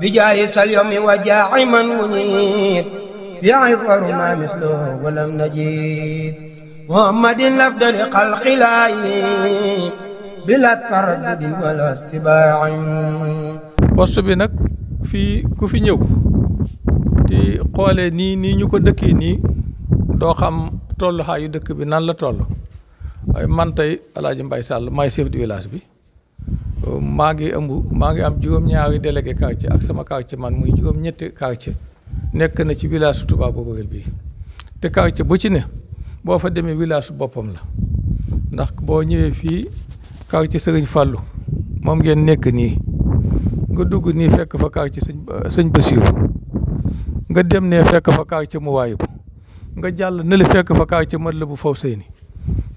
bijaahi salyomi wa jaaxi man wu ñiit fi ibaru ma mislo walam najid muhammadin afdali wala istibaa'in poste bi nag fii ku fi ñëw te xoolee nii nii ñu ko dëkkee nii doo xam tolluwaayu dëkk bi nan la toll waaye man tey Alaaji Mbay Sàll maay chef du village bi maa ngi ëmb maa ngi am juróom-ñaari délégué quartier ak sama quartier man muy juróom-ñetti quartier nekk na ci village su Touba Boboril bii te quartier bu ci ne boo fa demee village su boppam la ndax boo ñëwee fii quartier Serigne Fallou moom ngeen nekk nii nga dugg nii fekk fa quartier sëñ euh, sëñ nga dem ne fekk fa quartier mu waayu nga jàll ne li fekk fa quartier Matlaboul ni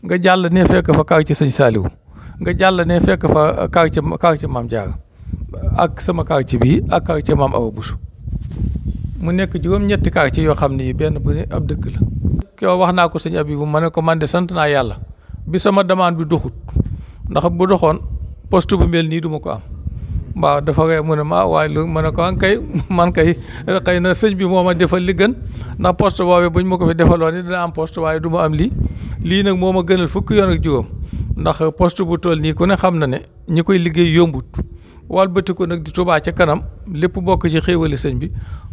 nga jàll ne fekk fa quartier sëñ Saliou nga jàll ne fekk fa quartier quartier maam Diarra ak sama quartier bii ak quartier maam Awa Bousso mu nekk juróom-ñetti ci yoo xam ne benn bu ne ab dëkk la. yow wax naa ko sëñ Abibou ma ne ko man de sant naa yàlla bi sama demande bi doxut ndax bu doxoon post bu mel nii duma ko am. waaw dafa wee mu ne ma waaye lu ma ne ko kay man kay xëy na sëñ bi moom ma defal li gën ndax poste boobee buñ ma ko fi defaloon ni dina am poste waaye du ma am lii lii nag moo ma gënal fukk yoon ak juróom ndax post bu toll nii ku ne xam na ne ñi koy liggéey yombut walbati ko nag di Touba ci kanam lépp bokk ci xéewali sëñ bi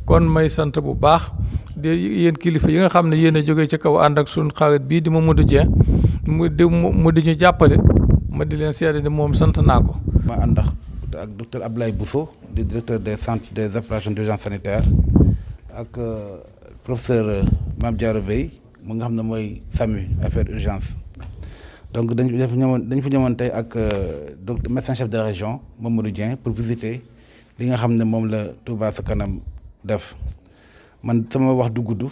kon may sant bu baax di yéen kilifa yi nga xam ne yéen a jógee ca kaw ànd ak suñu xarit bii di Mamadou Dieng mu di mu di ñu jàppale ma di leen seere ne moom sant naa ko. ma ànd ak docteur Abdoulaye Bousso di directeur des centres des opérations d'urgence sanitaire ak euh, professeur euh, Mame Diarra Beye mu nga xam ne mooy SAMU affaire urgence. donc dañu fa ñëwoon dañ fa ñëwoon tey ak euh, docteur médecin chef de la région Mamadou Dieng pour visiter li nga xam ne moom la Touba sa kanam def man sama wax du gudd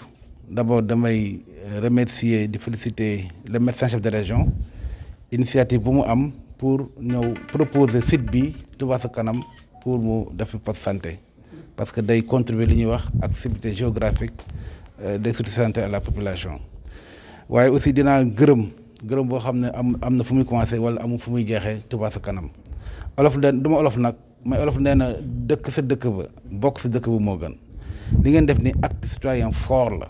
d' abord damay euh, remercier di féliciter le médecin chef de région initiative bu mu am pour ñëw proposer site bi Touba sa kanam pour mu def poste santé parce que day contribuer li ñuy wax activité géographique euh, des structures santé à la population waaye aussi dinaa gërëm. gërëm boo xam ne am am na fu muy commencé wala amul fu muy jeexee Touba sa kanam olof den du olof nag mais olof nee na dëkk sa dëkk ba bokk sa dëkk bu moo gën li ngeen def ni acte citoyen fort la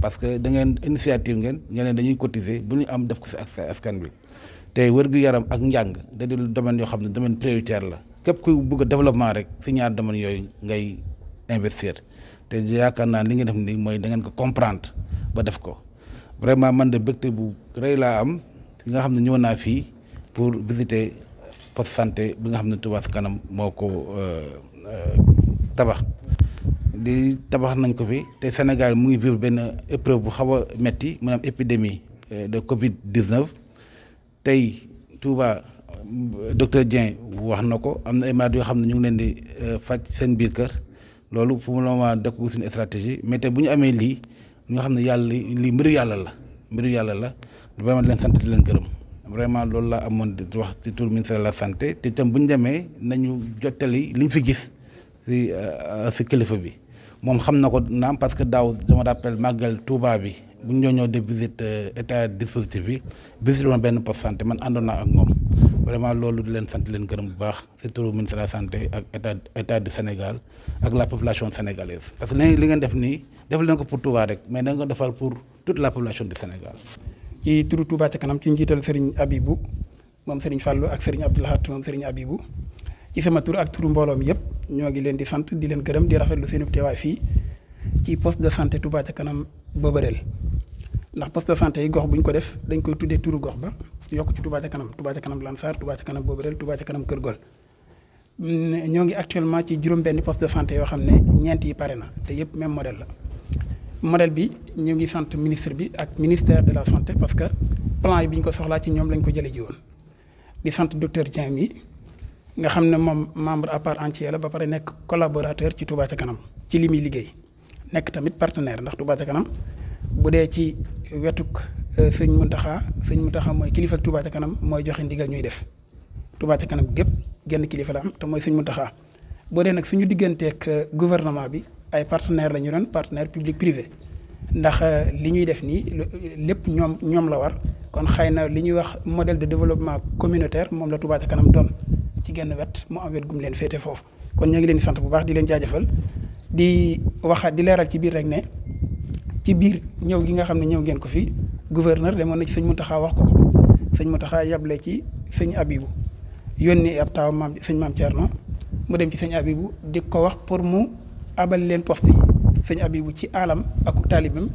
parce que da ngeen initiative ngeen ñeneen dañuy cotiser bu ñu am def ko si askan bi te wér-gu-yaram ak njàng da di domaine yoo xam ne domaine prioritaire la képp kuy bëgg a rek si ñaar domaine yooyu ngay investir te yaakaar naan li ngeen def ni mooy da ngeen ko comprendre ba def ko vraiment man de mbégte bu rëy laa am ki nga xam ne ñëw naa fii pour visiter poste santé bi nga xam ne Touba Ca Kanam moo ko euh, euh, tabax di tabax nañ ko fi te Sénégal mu ngi vivre benn épreuve bu xaw a metti maanaam épidémie euh, de Covid 19 tey Touba docteur Dieng wax na ko am na ay malades yoo xam ne ñu ngi leen di faj seen biir kër loolu fu mu la ma dëkk suñu stratégie mais te bu ñu amee lii. ñoo xam ne yàlla lii mbiru yàlla la mbiru yàlla la vraiment di leen sant di leen gërëm vraiment loolu la amoon di wax ci tur ministère de la santé te itam bu ñu demee nañu jottali liñ fi gis si si euh, kilifa bi moom xam na ko naam parce que daaw dama rappel màggal Touba bi bu ñu ñëw de visite euh, état dispositif bi visite woon benn poste santé man àndoon naa ak moom vraiment loolu di leen santi leen gërëm bu baax ci turu ministère la santé ak état état du Sénégal ak la population sénégalaise def leen ko pour Touba rek mais na nga defal pour toute la population du Sénégal. ci turu Touba ca kanam ci njiital Serigne Abibou moom Serigne Fallou ak sëriñ Abdou Lahat moom Serigne Abibou ci sama tur ak turu mbooloom yëpp ñoo ngi leen di sant di leen këram di rafetlu seen teewaay fii ci poste de santé Touba ca kanam Boberel ndax poste de santé yi gox buñ ko def dañ koy tuddee turu gox ba yokk ci Touba ca kanam Touba ca kanam Lansar Touba ca kanam Boberel Touba ca kanam mm, ngi actuellement ci juróom-benn poste de santé yoo xam ne ñeent yi pare na te yëpp même modèle la. modèle bi ñu ngi sant ministre bi ak ministère de la santé parce que plan yi bi ñu ko soxlaa ci ñoom lañ ko jëlee ji woon di sant docteur Dieng mi nga xam ne moom membre à part entière la ba pare nekk collaborateur ci Touba ca kanam ci li muy liggéey nekk tamit partenaire ndax Touba ca kanam bu dee ci wetuk euh, sëñ Mountakha sëñ Mountakha mooy kilifa Touba ca kanam mooy joxe ndigal ñuy def Touba ca kanam gépp genn kilifa la am te mooy sëñ Mountakha boo dee nag suñu digganteeg euh, gouvernement bi. ay partenaires la doon partenaire public privé ndax euh, li ñuy def nii lépp ñoom ñoom la war kon xëy na li ñuy wax modèle de développement communautaire moom la Touba ca kanam doon ci genn wet mu am wet gum leen féete foofu kon ñoo ngi leen di sant bu baax di leen jaajëfal di waxaat di leeral ci biir rek ne ci biir ñëw gi nga xam ne ñëw ngeen ko fi gouverneur demoon na ci sëñ Mountakha wax ko sëñ Mountakha yable ci sëñ Abibu yónni ab taw maam sëñ maam Thierno mu dem ci sëñ Abibu di ko wax pour mu. abal leen poste yi sëñ Abibu ci alam ak taalibam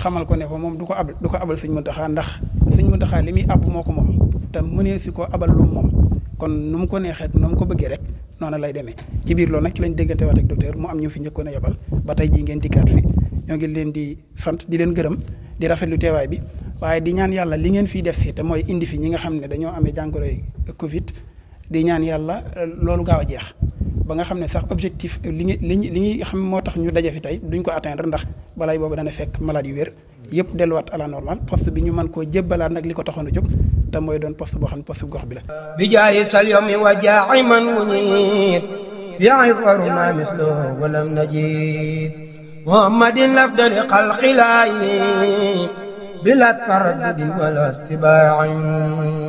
xamal ko ne ko moom du ko abal du ko abal sëñ Muntaxa ndax sëñ Muntaxa li muy àbb moo ko moom te mënee si ko abal lu moom kon nu mu ko neexee nu mu ko bëggee rek noonu lay demee ci biir loolu nag ci lañ déggante waat ak docteur mu am ñu fi njëkkoon a yebal ba tey jii ngeen dikkaat fi ñoo ngi leen di sant di leen gërëm di rafetlu teewaay bi waaye di ñaan yàlla li ngeen fiy def si te mooy indi fi ñi nga xam ne dañoo amee jàngoroy Covid di ñaan yàlla loolu gaaw a jeex. ba nga xam ne sax objectif li ñu li ñu li ñuy xam moo tax ñu daje fi tey duñ ko atteindre ndax balaay boobu dana fekk malade yu wér yëpp delluwaat à la normale poste bi ñu mën koo jébbalaat nag li ko taxoon a jóg te mooy doon poste boo xam ne poste gox bi la. bi jaayi sal yomi wa jaayi man munit yaay waru ma walam najid muhammadin afdali xalqilaayi bila taraddudin wala istibaain